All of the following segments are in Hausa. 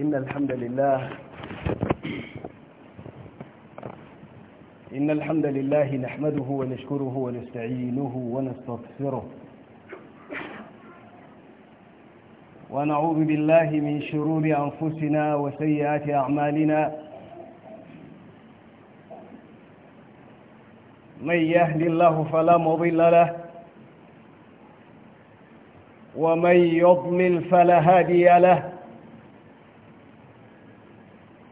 إن الحمد لله إن الحمد لله نحمده ونشكره ونستعينه ونستغفره ونعوذ بالله من شرور أنفسنا وسيئات أعمالنا من يهد الله فلا مضل له ومن يضلل فلا هادي له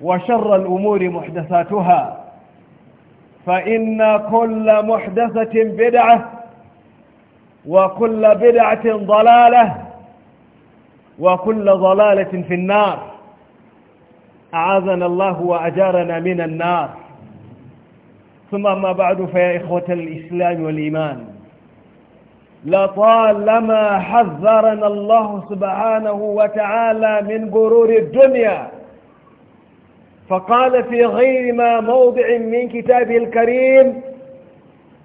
وشر الأمور محدثاتها فإن كل محدثة بدعة وكل بدعة ضلالة وكل ضلالة في النار أعاذنا الله وأجارنا من النار ثم ما بعد فيا إخوة الإسلام والإيمان لطالما حذرنا الله سبحانه وتعالى من غرور الدنيا فقال في غير ما موضع من كتابه الكريم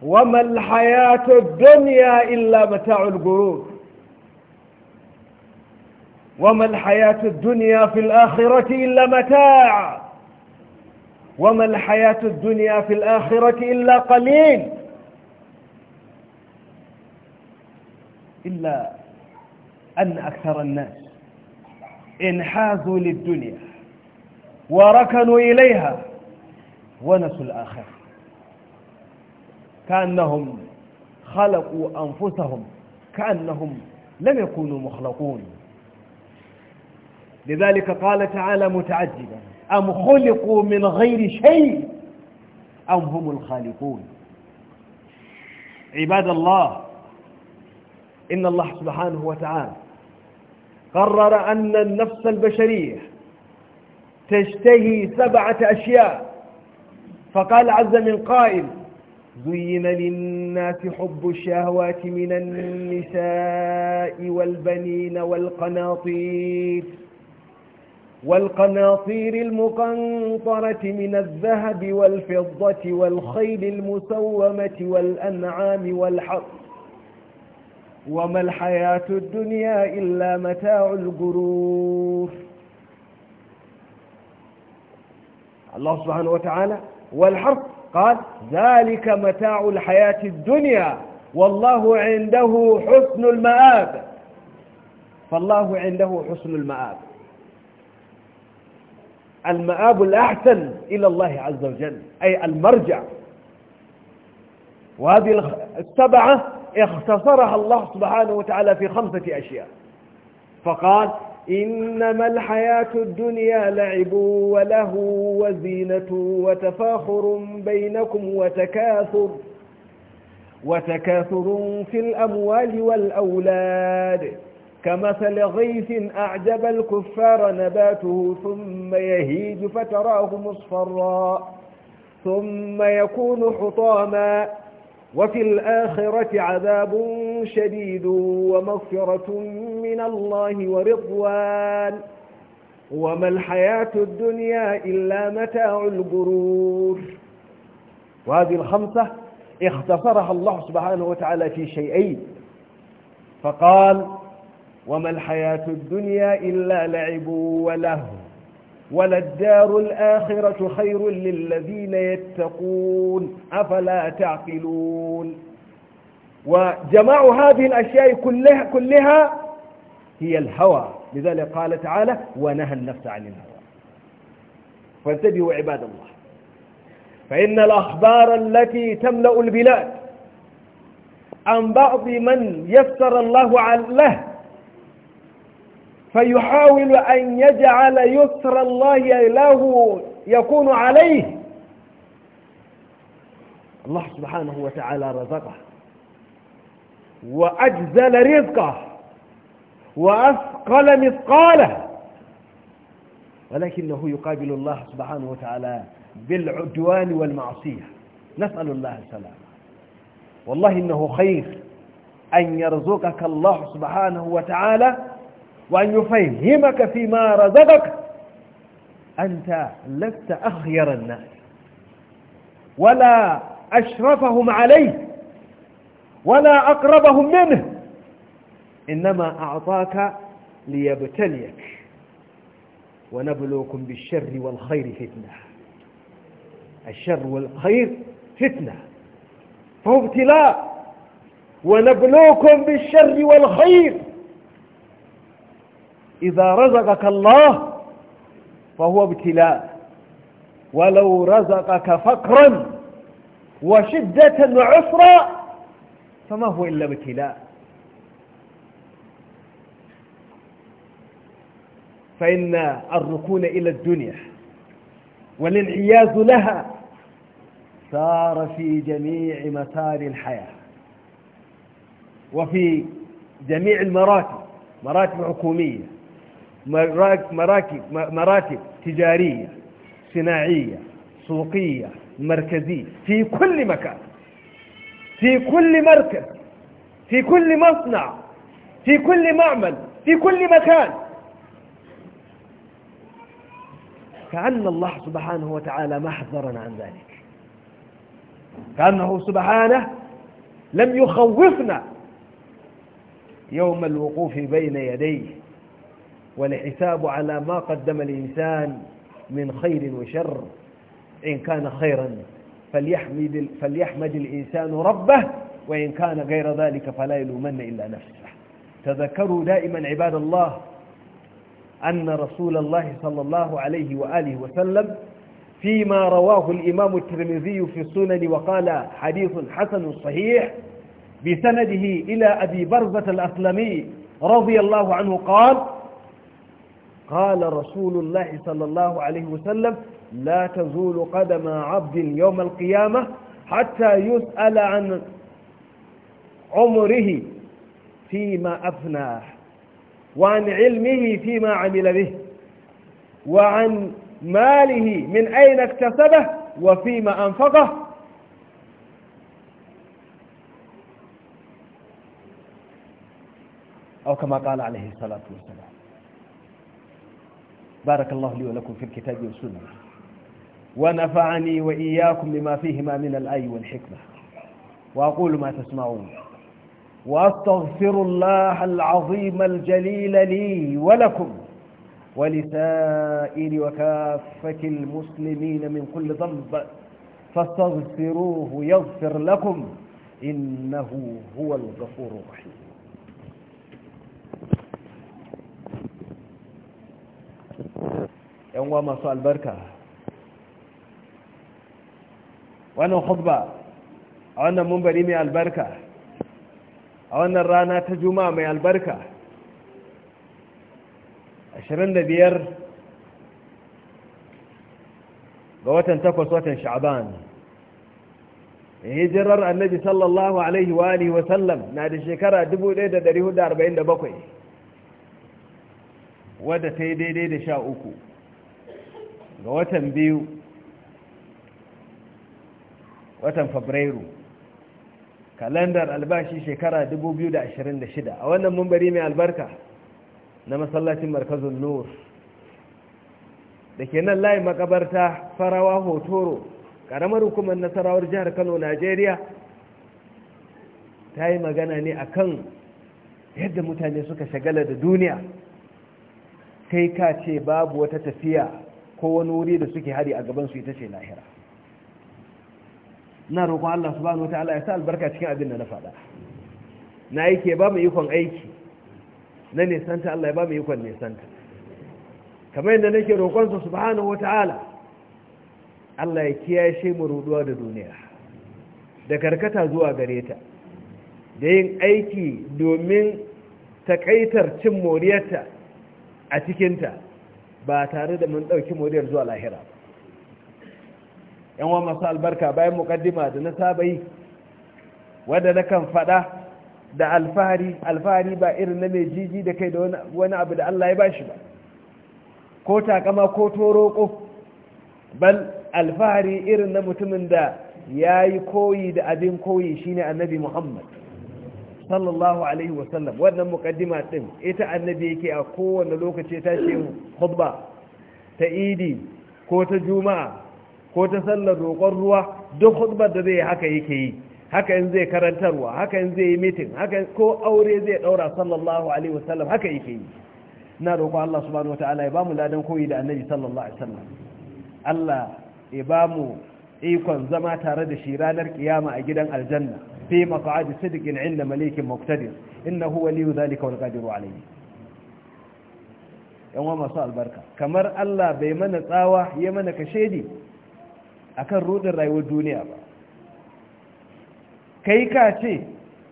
وما الحياة الدنيا إلا متاع الغرور وما الحياة الدنيا في الآخرة إلا متاع وما الحياة الدنيا في الآخرة إلا قليل إلا أن أكثر الناس انحازوا للدنيا وركنوا إليها ونسوا الآخر كأنهم خلقوا أنفسهم كأنهم لم يكونوا مخلقون لذلك قال تعالى متعجبا أم خلقوا من غير شيء أم هم الخالقون عباد الله إن الله سبحانه وتعالى قرر أن النفس البشرية تشتهي سبعة أشياء فقال عز من قائل زين للناس حب الشهوات من النساء والبنين والقناطير والقناطير المقنطرة من الذهب والفضة والخيل المسومة والأنعام والحق وما الحياة الدنيا إلا متاع الغرور الله سبحانه وتعالى والحرف قال ذلك متاع الحياة الدنيا والله عنده حسن المآب فالله عنده حسن المآب المآب الأحسن إلى الله عز وجل أي المرجع وهذه السبعة اختصرها الله سبحانه وتعالى في خمسة أشياء فقال إنما الحياة الدنيا لعب وله وزينة وتفاخر بينكم وتكاثر وتكاثر في الأموال والأولاد كمثل غيث أعجب الكفار نباته ثم يهيج فتراه مصفرا ثم يكون حطاما وفي الآخرة عذاب شديد ومغفرة من الله ورضوان وما الحياة الدنيا إلا متاع الغرور وهذه الخمسة اختصرها الله سبحانه وتعالى في شيئين فقال وما الحياة الدنيا إلا لعب ولهو وللدار الآخرة خير للذين يتقون أفلا تعقلون وجماع هذه الأشياء كلها, كلها هي الهوى لذلك قال تعالى ونهى النفس عن الهوى فانتبهوا عباد الله فإن الأخبار التي تملأ البلاد عن بعض من يفتر الله له فيحاول أن يجعل يسر الله له يكون عليه الله سبحانه وتعالى رزقه وأجزل رزقه وأثقل مثقاله ولكنه يقابل الله سبحانه وتعالى بالعدوان والمعصية نسأل الله السلام والله إنه خير أن يرزقك الله سبحانه وتعالى وأن يفهمك فيما رزقك أنت لست أخير الناس ولا أشرفهم عليه ولا أقربهم منه إنما أعطاك ليبتليك ونبلوكم بالشر والخير فتنة الشر والخير فتنة فهو ابتلاء ونبلوكم بالشر والخير إذا رزقك الله فهو ابتلاء ولو رزقك فقرا وشدة وعسرا فما هو إلا ابتلاء فإن الركون إلى الدنيا والانعياز لها سار في جميع مسار الحياة وفي جميع المراتب مراتب حكومية مراكب, مراتب تجارية صناعية سوقية مركزية في كل مكان في كل مركز في كل مصنع في كل معمل في كل مكان كأن الله سبحانه وتعالى محذرا عن ذلك كأنه سبحانه لم يخوفنا يوم الوقوف بين يديه والحساب على ما قدم الإنسان من خير وشر إن كان خيرا فليحمد, فليحمد الإنسان ربه وإن كان غير ذلك فلا يلومن إلا نفسه تذكروا دائما عباد الله أن رسول الله صلى الله عليه وآله وسلم فيما رواه الإمام الترمذي في السنن وقال حديث حسن صحيح بسنده إلى أبي برزة الأسلمي رضي الله عنه قال قال رسول الله صلى الله عليه وسلم لا تزول قدم عبد يوم القيامة حتى يسأل عن عمره فيما أفناه وعن علمه فيما عمل به وعن ماله من أين اكتسبه وفيما أنفقه أو كما قال عليه الصلاة والسلام بارك الله لي ولكم في الكتاب والسنة ونفعني وإياكم بما فيهما من الآي والحكمة وأقول ما تسمعون وأستغفر الله العظيم الجليل لي ولكم ولسائر وكافة المسلمين من كل ذنب فاستغفروه يغفر لكم إنه هو الغفور الرحيم yan uwa masu albarka wannan khutba a wannan mumbari mai albarka a wannan rana ta juma'a mai albarka 25 ga watan takwas watan sha'aban hijirar annabi sallallahu alaihi wa alihi wa sallam na da shekara 1447 wadda ta yi daidai da sha uku ga watan biyu watan fabrairu kalandar albashi shekara 2026 a wannan mumbari mai albarka na masallacin markazin nur da ke nan layin makabarta farawa hotoro ƙaramar hukumar nasarawar jihar kano najeriya ta yi magana ne akan yadda mutane suka shagala da duniya kai ka ce babu wata tafiya ko wani wuri da suke hari a gaban su ita ce lahira na roƙon Allah subhanahu wataala ya sa albarka cikin abin da na faɗa na aiki ba mu ikon aiki na nesanta Allah ya ba mu ikon nesanta. kamar yadda nake roƙon sa subhanahu wataala Allah ya kiyashe mu ruduwa da duniya da karkata zuwa gare ta da yin aiki domin takaitar cin moriyarta a cikinta ba tare da mun ɗauki muryar zuwa lahira yan wani masu albarka bayan mukaddima da na sabai wadda na kan fada da alfahari alfahari ba irin na mai jiji da kai da wani abu da Allah ya ba shi ba ko takama ko toroko bal alfahari irin na mutumin da ya yi koyi da abin koyi shine annabi muhammad sallallahu alaihi wasallam wannan mukaddima din ita annabi yake a kowane lokaci ta ce khutba ta idi ko ta juma'a ko ta sallar roƙon ruwa duk khutbar da zai haka yake yi haka in zai karantarwa haka in zai yi mitin haka ko aure zai daura sallallahu alaihi wasallam haka yake yi na roƙo Allah subhanahu wataala ya bamu ladan koyi da annabi sallallahu alaihi wasallam Allah ya bamu ikon zama tare da shi ranar kiyama a gidan aljanna في مقعد صدق عند مليك مقتدر إنه لي ذلك والقادر عليه يوم ما صار البركة كمر الله ya mana يمنى كشيدي أكن رود الرأي والدنيا kai ka ce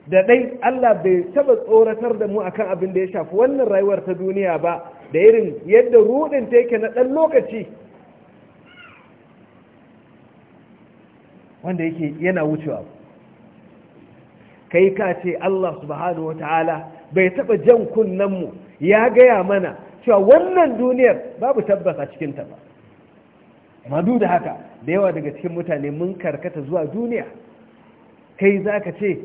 da dai Allah bai taba tsoratar da mu akan abin da ya shafi wannan rayuwar ta duniya ba da irin yadda rudin ta yake na ɗan lokaci wanda yake yana wucewa kai ka ce Allah subhanahu ta'ala bai taba jan mu ya gaya mana cewa wannan duniyar babu tabbas a cikin ta ba madu da haka da yawa daga cikin mutane mun karkata zuwa duniya kai za ka ce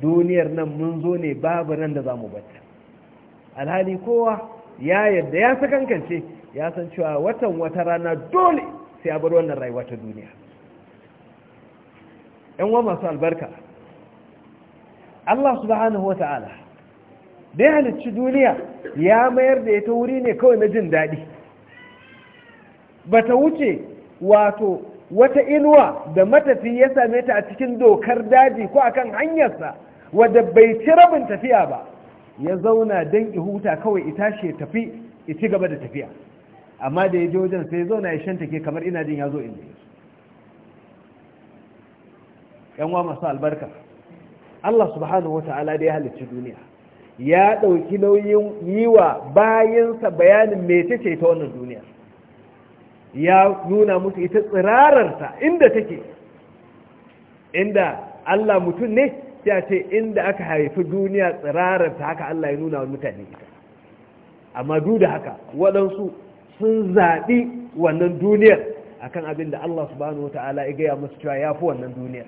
duniyar nan mun zo ne babu nan da za mu bata alhali kowa ya yadda ya kankance, ya san cewa watan wata rana dole sai a bar wannan rayuwa ta duniya yan wa masu albarka Allah subhanahu wa ta'ala da ya halicci duniya ya mayar da ita wuri ne kawai na jin daɗi ba ta wuce wato wata inuwa da matafi ya same ta a cikin dokar daji ko akan hanyarsa wadda bai ci rabin tafiya ba ya zauna don huta kawai itashe tafi ci gaba da tafiya amma da ya je wajen sai zauna ya shanta ke kamar ina jin ya zo inda ya yan masu albarka Allah subhanahu wata'ala da ya halicci duniya ya ɗauki nauyin yi wa bayansa bayanin mece ta wannan duniya ya nuna musu ita tsirararta inda take inda Allah mutum ne ya ce inda aka haifi duniya tsirararta haka Allah ya nuna wa mutane ita amma duk da haka waɗansu sun zaɓi wannan duniyar akan abin da Allah subhanahu wata'ala ya gaya musu cewa ya fi wannan duniyar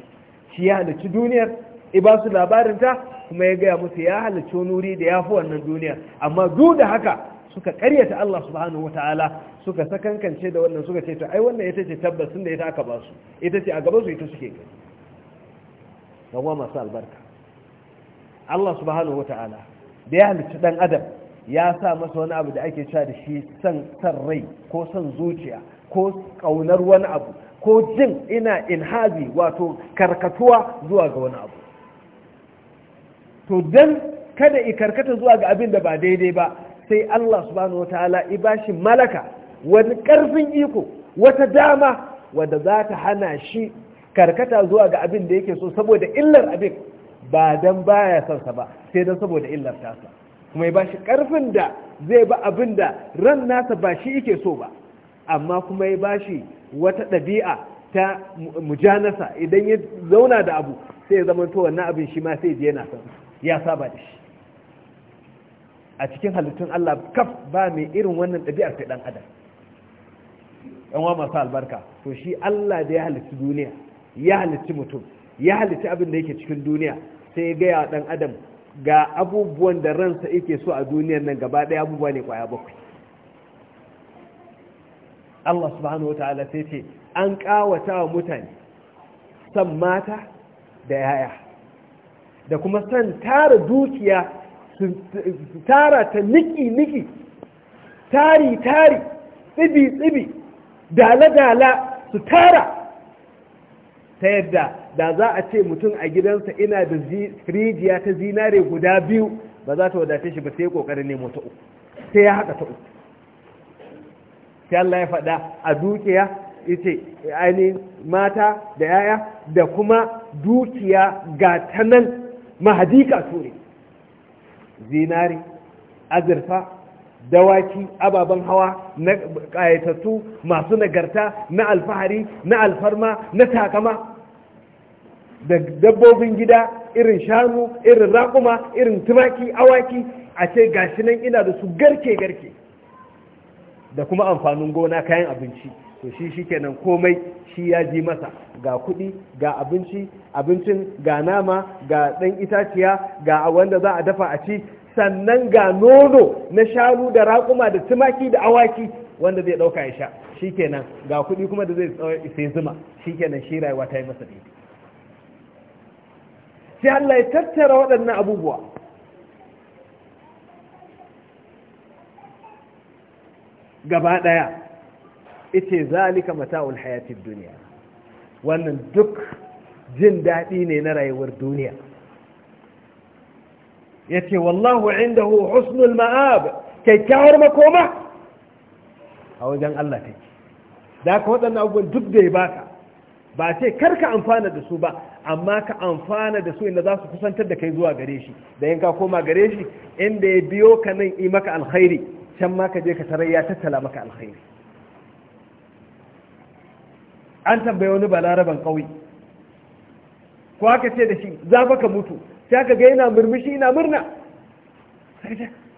shi ya halicci duniyar ba su labarin ta kuma ya gaya musu ya halicci wani wuri da ya fi wannan duniya amma duk da haka suka karyata Allah subhanahu Ta'ala suka sakankance da wannan suka ce to ai wannan ita ce tabbas da ita aka ba su ita ce a gaban su ita suke kai yawa masu albarka Allah subhanahu Ta'ala da ya halicci dan adam ya sa masa wani abu da ake cewa da shi san san rai ko san zuciya ko kaunar wani abu ko jin ina inhabi wato karkatuwa zuwa ga wani abu to dan kada i karkata zuwa ga abin da ba daidai ba sai Allah subhanahu wataala i bashi malaka wani karfin iko wata dama wadda za ta hana shi karkata zuwa ga abin da yake so saboda illar abin ba dan baya sansa sa ba sai dan saboda illar tasa kuma ya bashi karfin da zai ba abin da ran nasa ba shi yake so ba amma kuma ya bashi wata ɗabi'a ta mujanasa idan ya zauna da abu sai ya zama to wannan abin shi ma sai je yana son ya saba da shi a cikin halittun Allah kaf ba mai irin wannan ɗabi'ar ta ɗan adam wa masu albarka to shi Allah da ya halitti duniya ya halitti mutum ya halitti abin da yake cikin duniya sai ya gaya ɗan adam ga abubuwan da ransa yake so a duniyar nan gaba ɗaya abubuwa ne kwaya bakwai Allah subhanahu wa ta'ala sai ce an ƙawata wa mutane san mata da yaya da kuma san tara dukiya su tara ta niki-niki tari-tari tsibi-tsibi dala-dala su tara ta yadda da za a ce mutum a gidansa ina da rijiya ta zinare guda biyu ba za ta wadace shi ba sai kokarin nemo ta uku sai ya haka ta uku sai Allah ya faɗa a dukiya ita ainihin mata da yaya da kuma dukiya ga ta nan Mahadika kato ne zinari azurfa dawaki ababen hawa na kayatattu masu nagarta na alfahari na alfarma na takama da dabbobin gida irin shanu irin raƙuma irin tumaki awaki a ce gashi nan ina da su garke-garke da kuma amfanin gona kayan abinci to shi shikenan komai shi ya ji masa ga kudi ga abinci abincin ga nama ga dan itaciya ga wanda za a dafa a ci sannan ga nono na shanu da raƙuma da tumaki da awaki wanda zai ɗauka ya sha shikenan ga kudi kuma da zai sai zuma shikenan shi rayuwa ta yi masa daidai sai Allah ya tattara waɗannan abubuwa gaba ɗaya ita zalika mata'ul hayatid duniya wannan duk jin daɗi ne na rayuwar duniya yace wallahu indahu husnul ma'ab kyakkyawar makoma a wajen Allah take da ka waɗannan abubuwan duk da ya baka ba ce karka amfana da su ba amma ka amfana da su inda za su kusantar da kai zuwa gare shi da yanka koma gare shi inda ya biyo ka nan yi maka alkhairi can ma ka je ka tarar ya tattala maka alkhairi an tambaye wani balaraban ƙauye ko aka ce da shi za ka mutu sai aka ga yana murmushi yana murna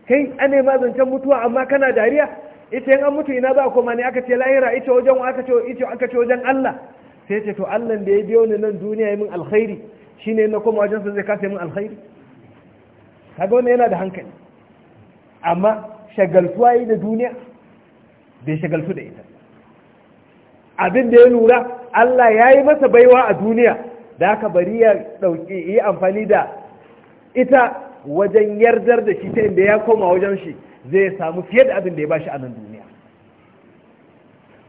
kai ane ma zancen mutuwa amma kana dariya ita yan an mutu ina za a koma ne aka ce lahira ita wajen aka ce ita aka ce wajen Allah sai ce to Allah da ya biyo ni nan duniya yi min alkhairi shine na koma wajen sa zai kasa min alkhairi kaga wannan yana da hankali amma shagaltuwa yi da duniya bai shagaltu da ita abin da ya lura Allah ya yi masa baiwa a duniya da aka bari ya ɗauki yi amfani da ita wajen yardar da shi ta inda ya koma wajen shi zai samu fiye da abin da ya bashi a nan duniya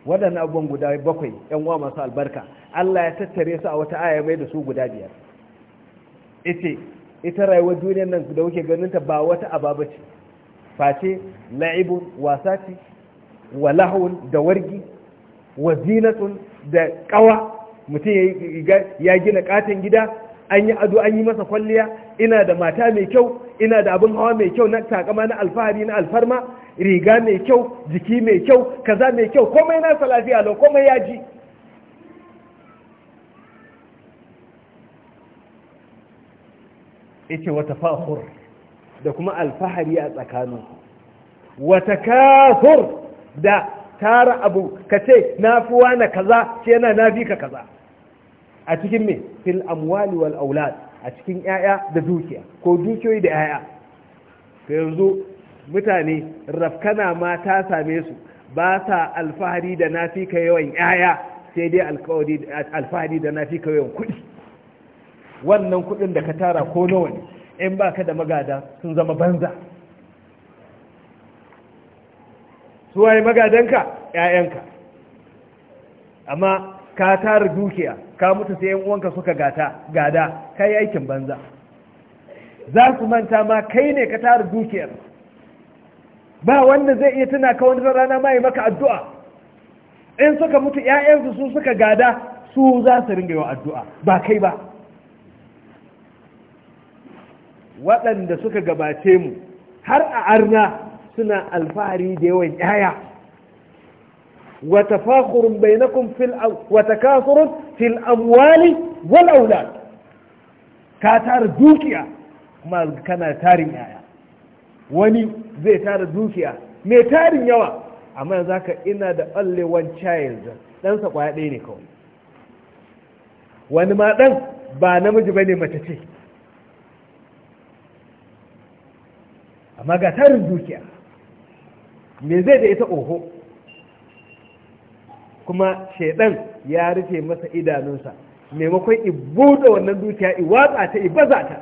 waɗannan abubuwan guda bakwai yan uwa masu albarka Allah ya tattare su a wata aya mai da su guda biyar ita rayuwar duniyar nan da kuke ganin ta ba wata aba ce face la'ibun wasati wa lahun da wargi wa zinatun da kawa mutum ya gina ƙaton gida an yi ado an yi masa kwalliya ina da mata mai kyau ina da abin hawa mai kyau na takama na alfahari na alfarma riga mai kyau jiki mai kyau kaza mai kyau komai na lafiya lau komai ya ji ita wata fahur da kuma alfahari a tsakanin wata kafur da tara abu ka ce na fi wane kaza shi yana na fi ka kaza a cikin me fil amwali wal aulad a cikin yaya da dukiya ko dukiyoyi da yaya ka yanzu mutane rafkana ma ta same su ba sa alfahari da na fi ka yawan yaya sai dai alfahari da na fi ka yawan kuɗi wannan kuɗin da ka tara ko nawa ne in ba ka da magada sun zama banza su waye magadanka 'ya'yanka amma ka tara dukiya ka mutu sai yan uwanka suka gata gada kai aikin banza za su manta ma kai ne ka tara dukiyar ba wanda zai iya tuna ka wani rana ma yi maka addu'a in suka mutu 'ya'yansu su suka gada su za su ringa yawa addu'a ba kai ba waɗanda suka gabace mu har a arna suna alfahari da yawan yaya wa tafakhurun bainakum fil wa takathurun fil amwali wal aulad ka tara dukiya kuma kana tarin yaya wani zai tara dukiya mai tarin yawa amma yanzu ka ina da only one child ɗansa kwaya ɗaya ne kawai wani ma ɗan ba namiji bane mace ce amma ga tarin dukiya me zai da ita oho kuma shaidan ya rufe masa idanunsa maimakon i buɗe wannan dukiya i watsa ta i baza ta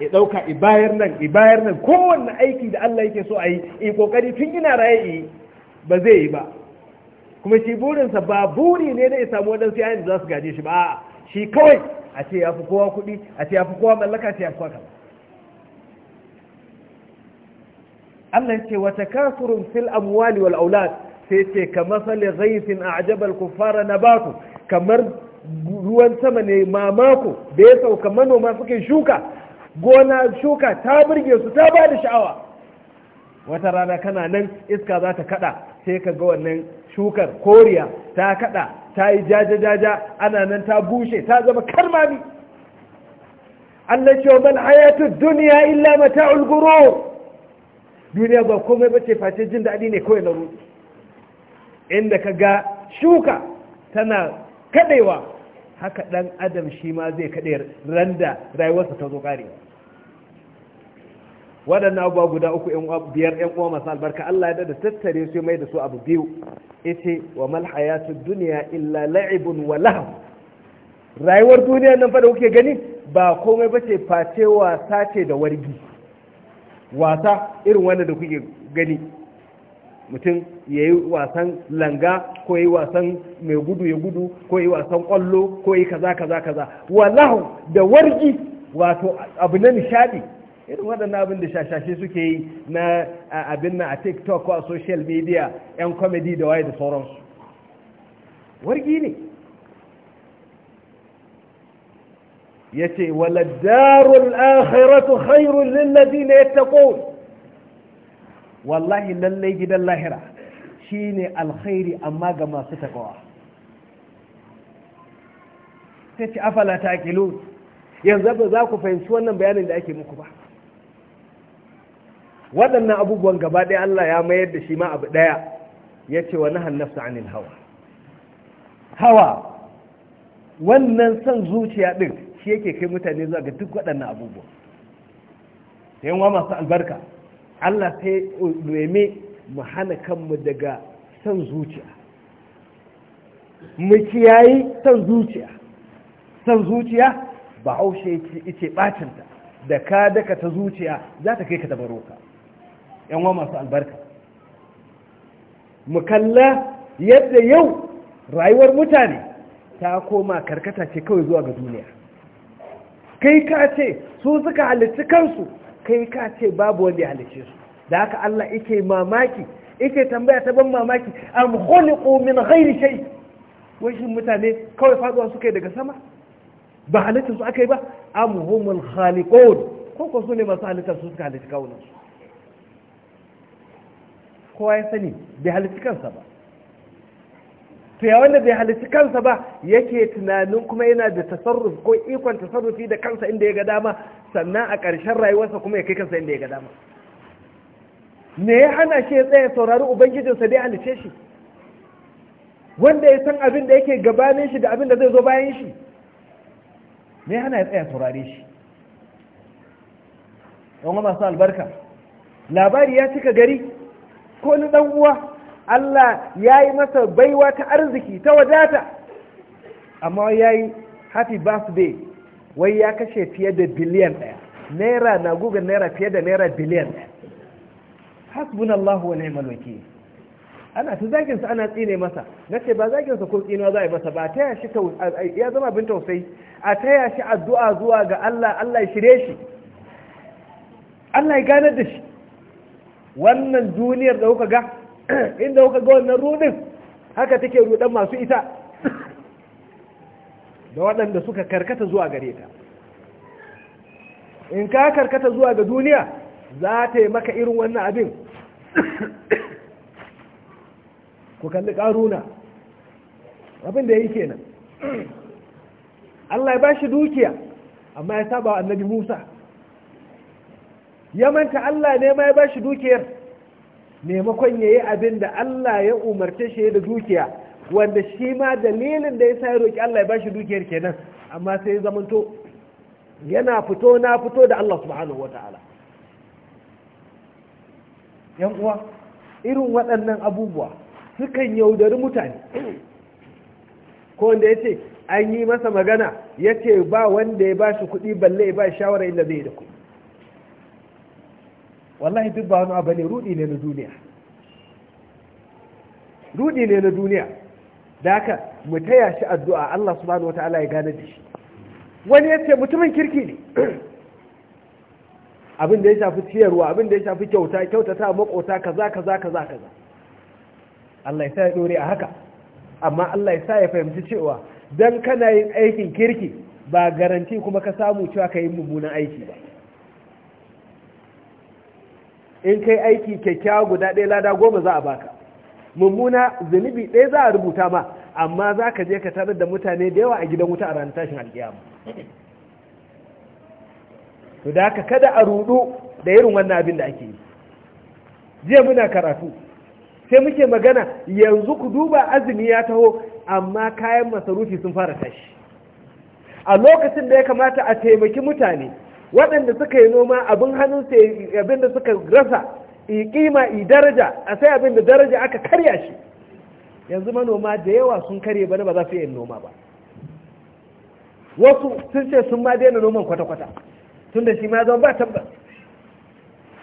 i ɗauka i bayar nan i bayar nan kowanne aiki da Allah yake so a yi i kokari tun ina raye i ba zai yi ba kuma shi burinsa ba buri ne da ya samu wadansu yayin da za su gaje shi ba shi kawai a ce ya fi kowa kuɗi a ce ya fi kowa mallaka a ce ya fi kowa kama Allah ce wa takasurun fil amwali wal aulad sai ce kamar sali ghaifin a'jaba al kuffara nabatu kamar ruwan sama ne mamako da ya sauka manoma suke shuka gona shuka ta burge su ta ba da sha'awa wata rana kana nan iska za ta kada sai ka ga wannan shukar koriya ta kada ta yi jaja-jaja ana nan ta bushe ta zama karmami Allah ce wa mal hayatu duniya illa mata'ul gurur duniya ba komai bace face jin daɗi ne kawai na rudu inda ka ga shuka tana kaɗewa haka ɗan adam shi ma zai kaɗe randa rayuwarsa ta zo ƙarewa waɗannan abubuwa guda uku biyar ‘yan uwa masu albarka Allah ya da tattare su mai da su abu biyu ita wa malhayatu duniya illa la'ibun wa lahab rayuwar duniya nan fada kuke gani ba komai ba ce face wasa ce da wargi wasa irin wanda da kuke gani mutum ya yi wasan langa ko yi wasan mai gudu ya gudu ko yi wasan kwallo ko yi kaza kaza kaza wallahu da wargi wato abu na nishadi irin waɗannan abin da shashashe suke yi na abin na a tiktok ko a social media yan comedy da waye da sauransu wargi ne yace wala darul akhiratu khairul ne ladina yattaqun wallahi lallai gidan lahira shine alkhairi amma ga masu takawa sai ce afala kilo yanzu ba za ku fahimci wannan bayanin da ake muku ba waɗannan abubuwan gaba ɗaya Allah ya mayar da shi ma abu ɗaya Yace ce wa nahan nafsa anil hawa hawa wannan son zuciya ɗin shi yake kai mutane zuwa ga duk waɗannan abubuwa yanwa masu albarka Allah sai neme mu hana kanmu daga son zuciya mu kiyayi son zuciya son zuciya ba haushe ce bacinta da ka daka ta zuciya za ta kai ka tabaro ka yanwa masu albarka mu kalla yadda yau rayuwar mutane ta koma karkata ce kawai zuwa ga duniya kai ka ce su suka halicci kansu kai ka ce babu wani ya su da haka Allah yake mamaki yake tambaya ta ban mamaki am khuliqu min ghairi shay wai mutane kawai faduwa suka daga sama ba halittar su aka yi ba am humul khaliqun ko ko su ne masu halittar su suka halicci kawunan su kowa ya sani bai halicci kansa ba to ya wanda bai halici kansa ba yake tunanin kuma yana da tasarruf ko ikon tasarrufi da kansa inda ya ga dama sannan a ƙarshen rayuwarsa kuma ya kai kansa inda ya ga dama me ya hana shi ya tsaya saurari ubangijinsa da ya halice shi wanda ya san abin da yake gabanin shi da abin da zai zo bayan shi me ya hana ya tsaya saurare shi don masu albarka labari ya cika gari ko ni dan uwa Allah ya yi masa baiwa ta arziki ta wadata amma ya yi happy birthday wai ya kashe fiye da biliyan ɗaya naira na guga naira fiye da naira biliyan ɗaya Allah wa ni'mal wakil ana ta zaginsa ana tsine masa na ce ba zaginsa ko tsinuwa za a yi masa ba taya shi ya zama bin tausayi a taya shi addu'a zuwa ga Allah Allah ya shirye shi Allah ya ganar da shi wannan duniyar da kuka ga inda kuka ga wannan runin, haka take rudan masu ita da waɗanda suka karkata zuwa gare ta in ka karkata zuwa ga duniya za ta yi maka irin wannan abin ku kalli ƙaruna abin da ya yi kenan Allah ya ba shi dukiya amma ya saba wa annabi Musa ya manta Allah ne ma ya ba shi dukiyar maimakon ya yi abin da Allah ya umarce shi da dukiya wanda shi ma dalilin da ya sa ya roƙi Allah ya ba shi dukiyar kenan amma sai ya zamanto yana fito na fito da Allah subhanahu wata'ala yan uwa irin waɗannan abubuwa sukan yaudari mutane ko wanda ya ce an yi masa magana ya ce ba wanda ya ba shi kuɗi balle ya ba shawara inda zai da kuɗi wallahi duk ba wani abu ne rudi ne na duniya rudi ne na duniya da haka mu taya shi addu'a Allah subhanahu wataala ya gane da shi wani ya ce mutumin kirki ne abin da ya shafi ciyarwa abin da ya shafi kyauta kyautata makota kaza kaza kaza kaza Allah ya sa ya dore a haka amma Allah ya sa ya fahimci cewa dan kana yin aikin kirki ba garanti kuma ka samu cewa ka yi mummunan aiki ba in kai aiki kyakkyawa guda ɗaya lada goma za a baka mummuna zunubi ɗaya za a rubuta ma amma za ka je ka tarar da mutane da yawa a gidan wuta a ranar tashin alkiyama to da haka kada a rudu da irin wannan abin da ake yi jiya muna karatu sai muke magana yanzu ku duba azumi ya taho amma kayan masarufi sun fara tashi a lokacin da ya kamata a taimaki mutane waɗanda suka yi noma abin hannun sai abin da suka rasa i kima i daraja a sai abin da daraja aka karya shi yanzu manoma da yawa sun karye bane ba za su yi noma ba wasu sun ce sun ma daina noman kwata-kwata tun da shi ma zama ba tabbas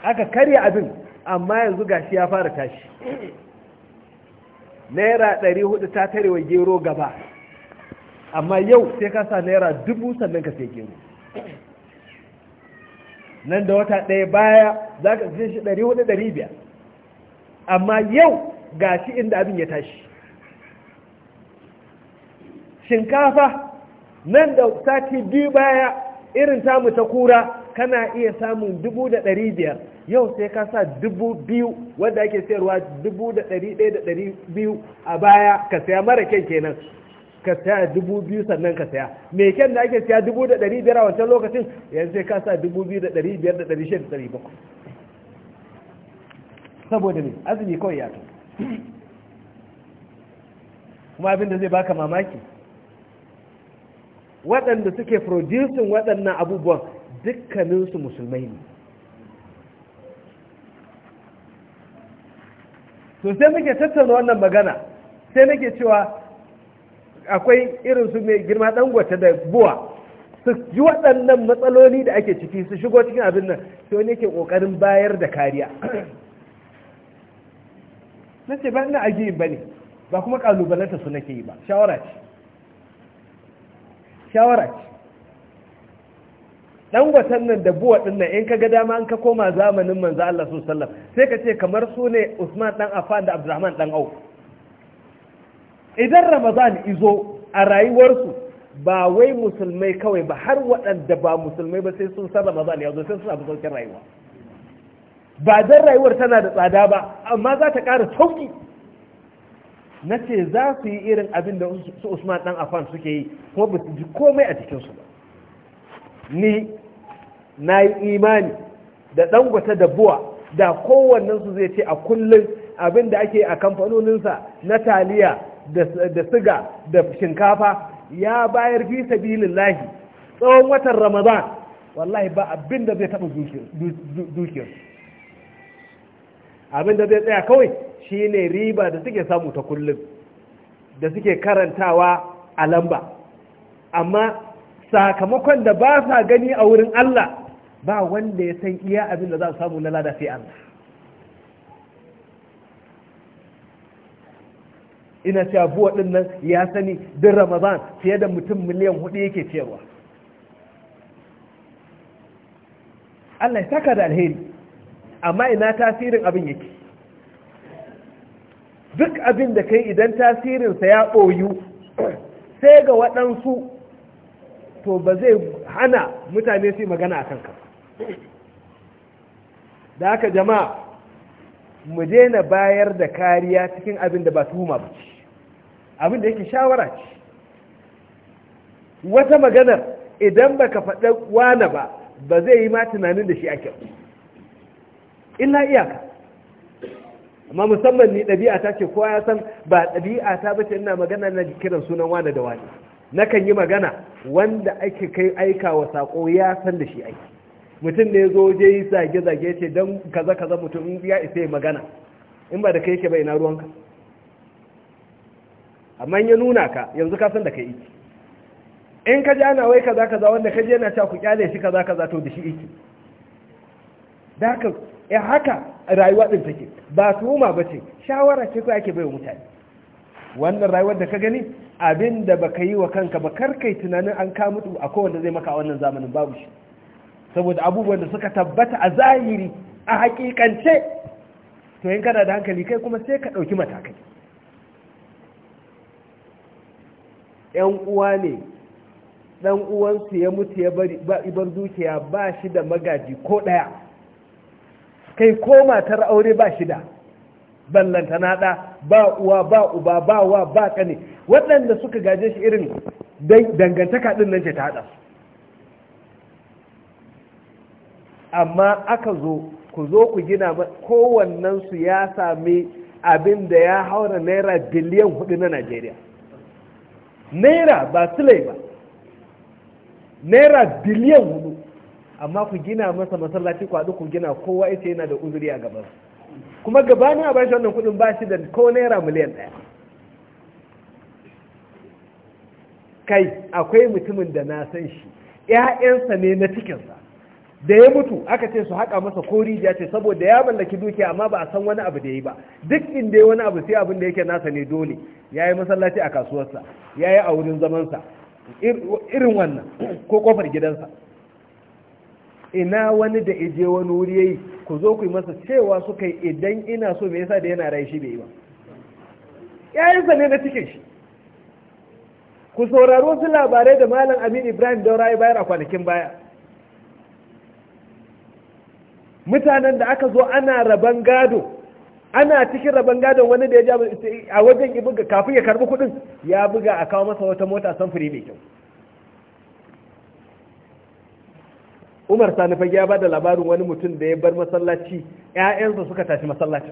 aka karya abin amma yanzu gashi ya fara tashi naira ɗari hudu ta wa gero gaba amma yau sai ka sa naira dubu sannan ka sai gero nan da wata ɗaya baya za ka fi shi ɗari hudu ɗari biyar amma yau ga shi inda abin ya tashi shinkafa nan da sati biyu baya irin tamu ta kura kana iya samun dubu da ɗari biyar yau sai ka sa dubu biyu wadda ake sayarwa dubu da ɗari ɗaya da ɗari biyu a baya ka saya mara kyan kenan ka saya dubu biyu sannan ka saya me kyan da ake saya dubu da ɗari biyar a wancan lokacin yanzu sai ka sa dubu biyu da ɗari biyar da ɗari shida da ɗari bakwai saboda ne azumi kawai ya to kuma abin da zai baka mamaki waɗanda suke producing waɗannan abubuwan dukkaninsu musulmai ne to sai muke tattauna wannan magana sai nake cewa akwai irin su mai girma dangwata da buwa su yi waɗannan matsaloli da ake ciki su shigo cikin abin nan sai wani yake ƙoƙarin bayar da kariya na ce ba ina ajiyin ba ne ba kuma ƙalubalanta su nake yi ba shawara ce shawara ce dan watan nan da buwa din nan in ka ga dama in ka koma zamanin manzo Allah sallallahu alaihi wasallam sai ka ce kamar su ne Usman dan Affan da Abdurrahman dan Auf idan ramadan izo a rayuwarsu ba wai musulmai kawai ba har waɗanda ba musulmai ba sai sun san ramadan ya zo sai suna sauƙin rayuwa ba dan rayuwar tana da tsada ba amma za ta ƙara sauƙi na ce za su yi irin abin da su usman ɗan afan suke yi kuma ba su ji komai a cikinsu ba ni na yi imani da dangwata da buwa da kowannensu zai ce a kullum abin da ake a kamfanoninsa na taliya da siga da shinkafa ya bayar fi lahi tsawon watan ramadan wallahi ba abinda da zai taɓa dukiyar abin da zai tsaya kawai shine riba da suke samu ta kullum da suke karantawa a lamba amma sakamakon da ba sa gani a wurin Allah ba wanda ya san iya abinda da za su samu na lada Allah ina cewa buwa ɗin nan ya sani din ramadan fiye da mutum miliyan hudu yake cewa. Allah ya saka da alheri amma ina tasirin abin yake duk abin da kai idan tasirinsa ya ɓoyu sai ga waɗansu to ba zai hana mutane su magana a kanka da haka jama'a mu daina bayar da kariya cikin abin da ba tuhuma ba ce abin da yake shawara ce wata maganar idan baka faɗa wane ba ba zai yi ma tunanin da shi ake illa iyaka amma musamman ni ɗabi'a ta ce kowa ya san ba ɗabi'a ta bace ina magana na kiran sunan wane da wane nakan yi magana wanda ake kai aika wa sako ya san da shi aiki mutum ne zo je yi zage-zage ce don kaza-kaza mutum ya isa magana in ba da kai yake bai na ruwanka amma ya nuna ka yanzu ka san da kai iki in ka wai ka wai ka za wanda ka je yana cewa ku kyale shi ka za ka za to da shi iki da haka eh haka rayuwa din take ba tuhuma ba ce shawara ce ko ake baiwa mutane wannan rayuwar da ka gani abin da baka yi wa kanka ba karkai tunanin an ka mutu a kowanne zai maka wannan zamanin babu shi saboda abubuwan da suka tabbata a zahiri a hakikance to in kana da hankali kai kuma sai ka ɗauki matakai 'yan uwa ne ɗan uwansu ya mutu ya bar dukiya ba shi da magaji ko ɗaya kai ko matar aure ba shi da ballanta naɗa ba uwa ba uba ba wa ba ƙane waɗanda suka gaje shi irin dangantaka ɗin nan ce ta haɗa amma aka zo ku zo ku gina kowannensu ya sami abin da ya haura naira biliyan hudu na najeriya naira ba silai ba naira biliyan hudu amma ku gina masa masallaci haɗu ku gina kowa ita yana da uzuri a gaban kuma gabanin a bashi wannan kudin ba shi da ko naira miliyan ɗaya kai akwai mutumin da na san shi ‘ya'yansa ne na cikinsa da ya mutu aka ce su haƙa masa ko rijiya ce saboda ya mallaki dukiya amma ba a san wani abu da yi ba duk inda wani abu sai abin da yake nasa ne dole ya yi masallaci a kasuwarsa ya yi a wurin zamansa irin wannan ko kofar gidansa ina wani da ije wani wuri yayi ku zo ku yi masa cewa suka yi idan ina so me yasa da yana rai shi bai yi ba yayin sa ne na cikin shi ku saurari wasu labarai da malam Aminu Ibrahim Daura ya bayar a kwanakin baya mutanen da aka zo ana raban gado ana cikin raban gado wani da ya ja a wajen ya buga kafin ya karbi kudin ya buga a kawo masa wata mota samfuri mai kyau umar Sani fage ya ba da labarin wani mutum da ya bar masallaci ƴaƴansa suka tashi masallacin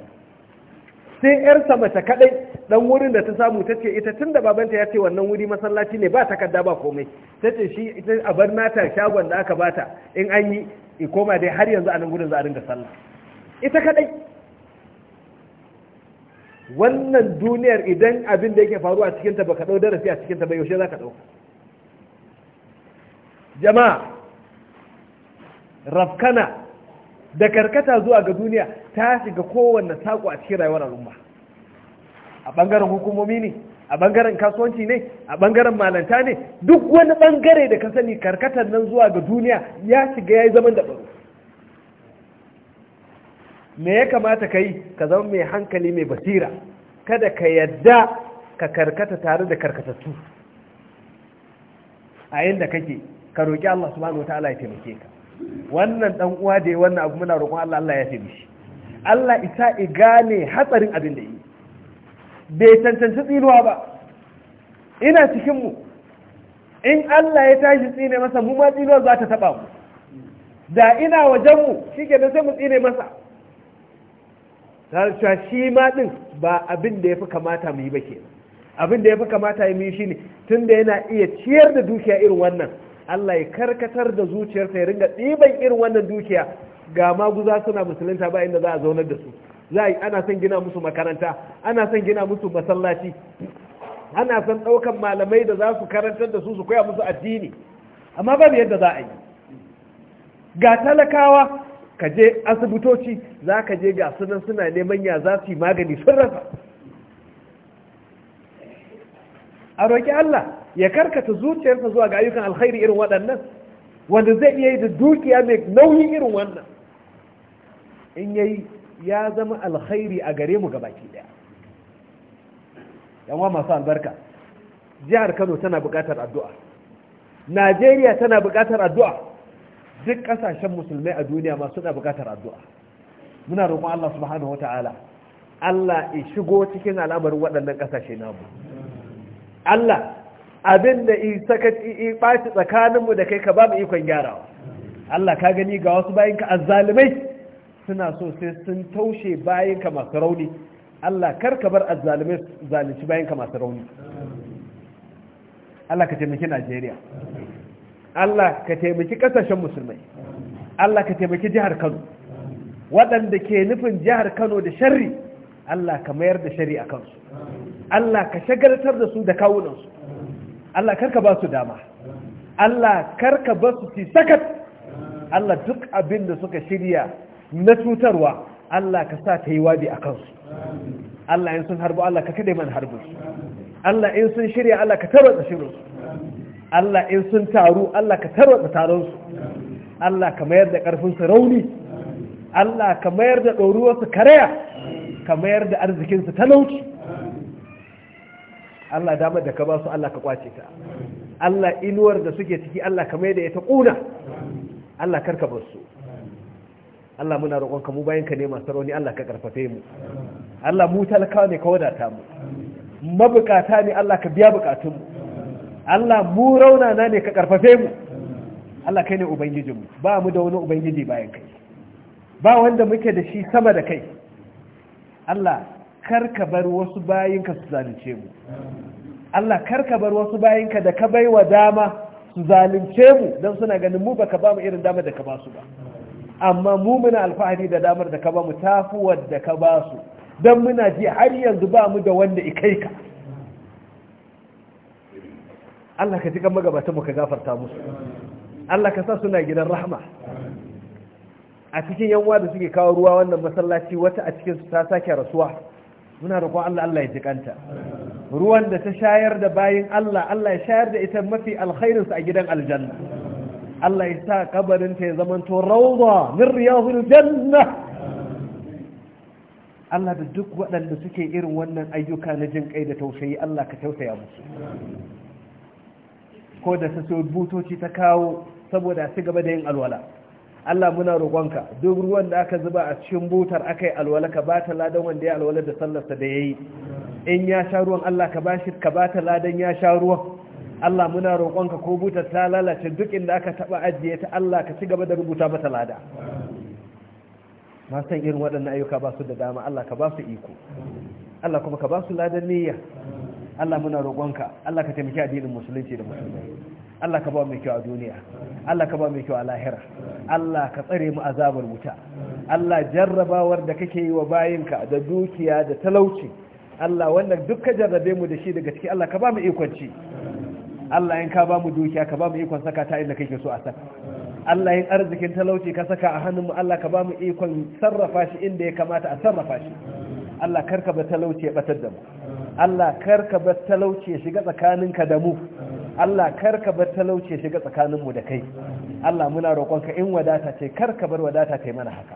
sai yarsa mace kadai dan wurin da ta samu ta ce ita tunda babanta ya ce wannan wuri masallaci ne ba takarda ba komai ta ce shi a bar nata shagon da aka bata in an yi i koma dai har yanzu a nan gudun za a dinga sallah ita kadai wannan duniyar idan abin da yake faruwa a ta baka ɗau darasi a ta ba yaushe za ka jama'a rafkana da karkata zuwa ga duniya ta shiga kowanne sako a cikin rayuwar al'umma a bangaren hukumomi ne a bangaren kasuwanci ne a bangaren malanta ne duk wani ɓangare da ka sani karkatar nan zuwa ga duniya ya shiga ya yi zaman da baro me ya kamata ka yi ka zama mai hankali mai basira kada ka yadda ka karkata tare da karkatattu a yadda kake ka roƙi Allah subhanahu wa ta'ala ya taimake ka wannan dan uwa da wannan abu muna roƙon Allah Allah ya taimake Allah isa i gane hatsarin abin da yi bai cancanci tsinuwa ba ina cikinmu in Allah ya tashi tsine masa mu ma tsinuwa za ta taɓa mu da ina wajenmu shi ke sai mu tsine masa ta shi ma din ba abin da ya fi kamata mu yi ba ke abin da ya fi kamata mu yi shi ne tun da yana iya ciyar da dukiya irin wannan Allah ya karkatar da zuciyarsa ya ringa tsiban irin wannan dukiya ga maguza suna musulunta ba inda za a zaunar da su za a yi ana son gina musu makaranta ana son gina musu masallaci ana son ɗaukan malamai da za su karantar da su su koya musu addini amma babu yadda za a yi ga talakawa ka je asibitoci za ka je ga sunan suna neman ya za su yi magani sun rasa a roƙi Allah ya karkata zuciyarsa zuwa ga ayyukan alkhairi irin waɗannan wanda zai iya yi da dukiya mai nauyi irin wannan in yayi ya zama alkhairi a gare mu gabaki daya yanwa masu albarka jihar kano tana buƙatar addu'a najeriya tana buƙatar addu'a duk ƙasashen musulmai a duniya ma suna buƙatar addu'a muna roƙon allah subhanahu wa ta'ala allah ya shigo cikin al'amarin waɗannan ƙasashe namu allah abin da ɓaci tsakaninmu da kai ka ba mu ikon gyarawa allah ka gani ga wasu bayan ka suna so sai sun taushe bayanka masu rauni Allah kar ka bar azzalumai zalunci bayanka masu rauni Allah ka taimaki Najeriya Allah ka taimaki kasashen musulmai Allah ka taimaki jihar Kano waɗanda ke nufin jihar Kano da sharri Allah ka mayar da shari a kansu Allah ka shagaltar da su da kawunansu Allah karka ba su dama Allah karka ba su sakat Allah duk abin da suka shirya na cutarwa Allah ka sa ta yi wabi a kansu Allah in sun harbo Allah ka kaɗe man harbu Allah in sun shirya Allah ka tarwatsa shirinsu Allah in sun taru Allah ka tarwatsa taronsu Allah ka mayar da ƙarfinsu rauni Allah ka mayar da ɗoruwarsu karaya ka mayar da arzikinsu talauci Allah damar da ka ba su Allah ka kwace ta Allah inuwar da suke ciki Allah ka mayar da ita ƙuna Allah karka bar su Allah muna roƙonka mu bayan ka ne masu rauni Allah ka ƙarfafe mu Allah mu talakawa ne ka wadata mu mabukata ne Allah ka biya bukatun mu Allah mu raunana ne ka ƙarfafe mu Allah kai ne ubangijinmu ba mu da wani ubangiji bayan kai ba wanda muke da shi sama da kai Allah kar ka bar wasu bayinka su zalunce mu Allah kar ka bar wasu bayinka da ka bai wa dama su zalunce mu don suna ganin mu baka ba mu irin dama da ka ba su ba amma mu muna alfahari da damar da ka ba mu tafi da ka ba su don muna ji har yanzu ba mu da wanda ikai ka Allah ka ji kan magabata mu ka gafarta musu Allah ka sa suna gidan rahma a cikin yanwa da suke kawo ruwa wannan masallaci wata a cikin su ta sake rasuwa muna roƙon Allah Allah ya ji kanta ruwan da ta shayar da bayin Allah Allah ya shayar da ita mafi alkhairinsa a gidan aljanna Allah ya sa kabarin ta ya zamanto rawda min riyadhil janna Allah da duk waɗanda suke irin wannan ayyuka na jin kai da tausayi Allah ka tausaya musu ko da ta so butoci ta kawo saboda su gaba da yin alwala Allah muna roƙonka duk ruwan da aka zuba a cikin butar aka alwala ka bata ladan wanda ya alwala da sallarsa da yayi in ya sha ruwan Allah ka bashi ka bata ladan ya sha ruwan Allah muna roƙonka ko butar ta lalace duk inda aka taɓa ajiye ta Allah ka ci gaba da rubuta mata lada masan irin waɗannan ayyuka ba su da dama Allah ka ba su iko Allah kuma ka ba su ladan niyya Allah muna roƙonka Allah ka taimaki addinin musulunci da musulmai Allah ka ba mu kyau a duniya Allah ka ba mu kyau a lahira Allah ka tsare mu azabar wuta Allah jarrabawar da kake yi wa bayinka da dukiya da talauci Allah wannan duk ka jarrabe mu da shi daga ciki Allah ka ba mu ikonci. Allah in ka ba mu dukiya ka ba mu ikon saka ta inda kake so a saka Allah in arzikin talauci ka saka a hannunmu Allah ka ba mu ikon sarrafa shi inda ya kamata a sarrafa shi Allah karka ba talauci ya batar da mu Allah karka ba talauci ya shiga tsakaninka da mu Allah karka bar talauci ya shiga tsakaninmu da kai Allah muna roƙonka in wadata ce kar ka bar wadata kai mana haka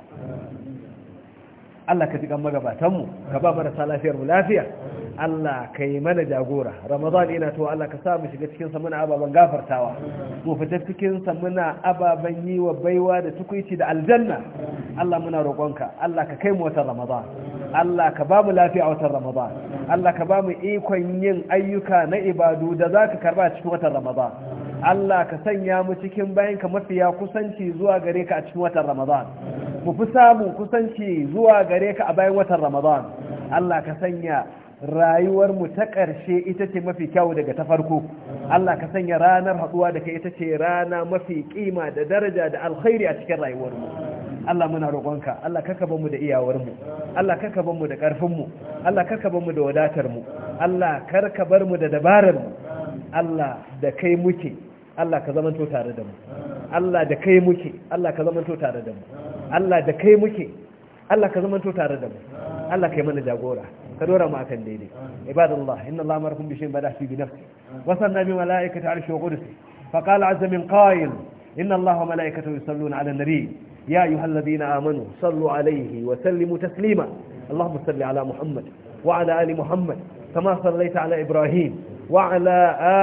Allah ka jigan magabatanmu ka ba marasa lafiyar mu lafiya Allah ka yi mana jagora Ramadan ina to Allah ka sa mu shiga cikin muna ababen gafartawa mu fita cikin sa muna ababen yi wa baiwa da tukuici da aljanna Allah muna roƙonka Allah ka kai mu watan Ramadan Allah ka ba mu lafiya a watan Ramadan Allah ka ba mu ikon yin ayyuka na ibadu da za ka karba cikin watan Ramadan Allah ka sanya mu cikin bayanka mafiya kusanci zuwa gare ka a cikin watan Ramadan ku fi samun kusanci zuwa gare ka a bayan watan ramadan Allah ka sanya rayuwar ta ƙarshe ita ce mafi kyau daga ta farko Allah ka sanya ranar haɗuwa da kai ita ce rana mafi kima da daraja da alkhairi a cikin rayuwarmu. mu Allah muna roƙonka Allah ka kaba mu da iyawar mu Allah ka kaba mu da ƙarfin mu Allah ka kaba mu da wadatar mu Allah kar ka bar mu da dabarar mu Allah da kai muke Allah ka zamanto tare da mu Allah da kai muke Allah ka zamanto tare da mu Allah da kai muke Allah ka zamanto tare da mu Allah kai mana jagora ka dora mu akan daidai ibadallah inna Allah amarakum bi shay'in bada fi bi nafsi wa sanna bi malaikati arshi wa qudsi fa qala azza min qa'il inna Allah wa malaikatahu yusalluna 'ala an-nabi ya ayyuhalladhina amanu sallu 'alayhi wa sallimu taslima اللهم صل على محمد وعلى ال محمد كما صليت على إبراهيم وعلى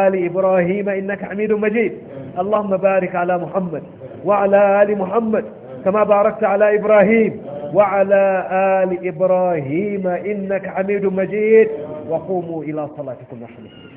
آل إبراهيم إنك حميد مجيد اللهم بارك على محمد وعلى آل محمد كما باركت على إبراهيم وعلى آل إبراهيم إنك حميد مجيد وقوموا إلى صلاتكم نحن